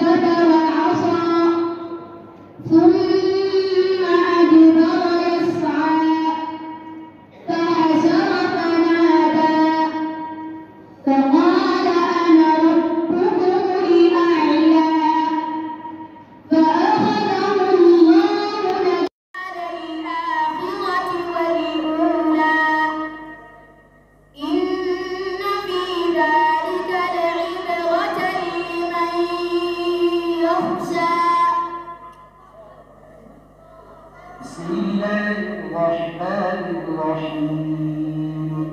Obrigada. الرحمن الرحيم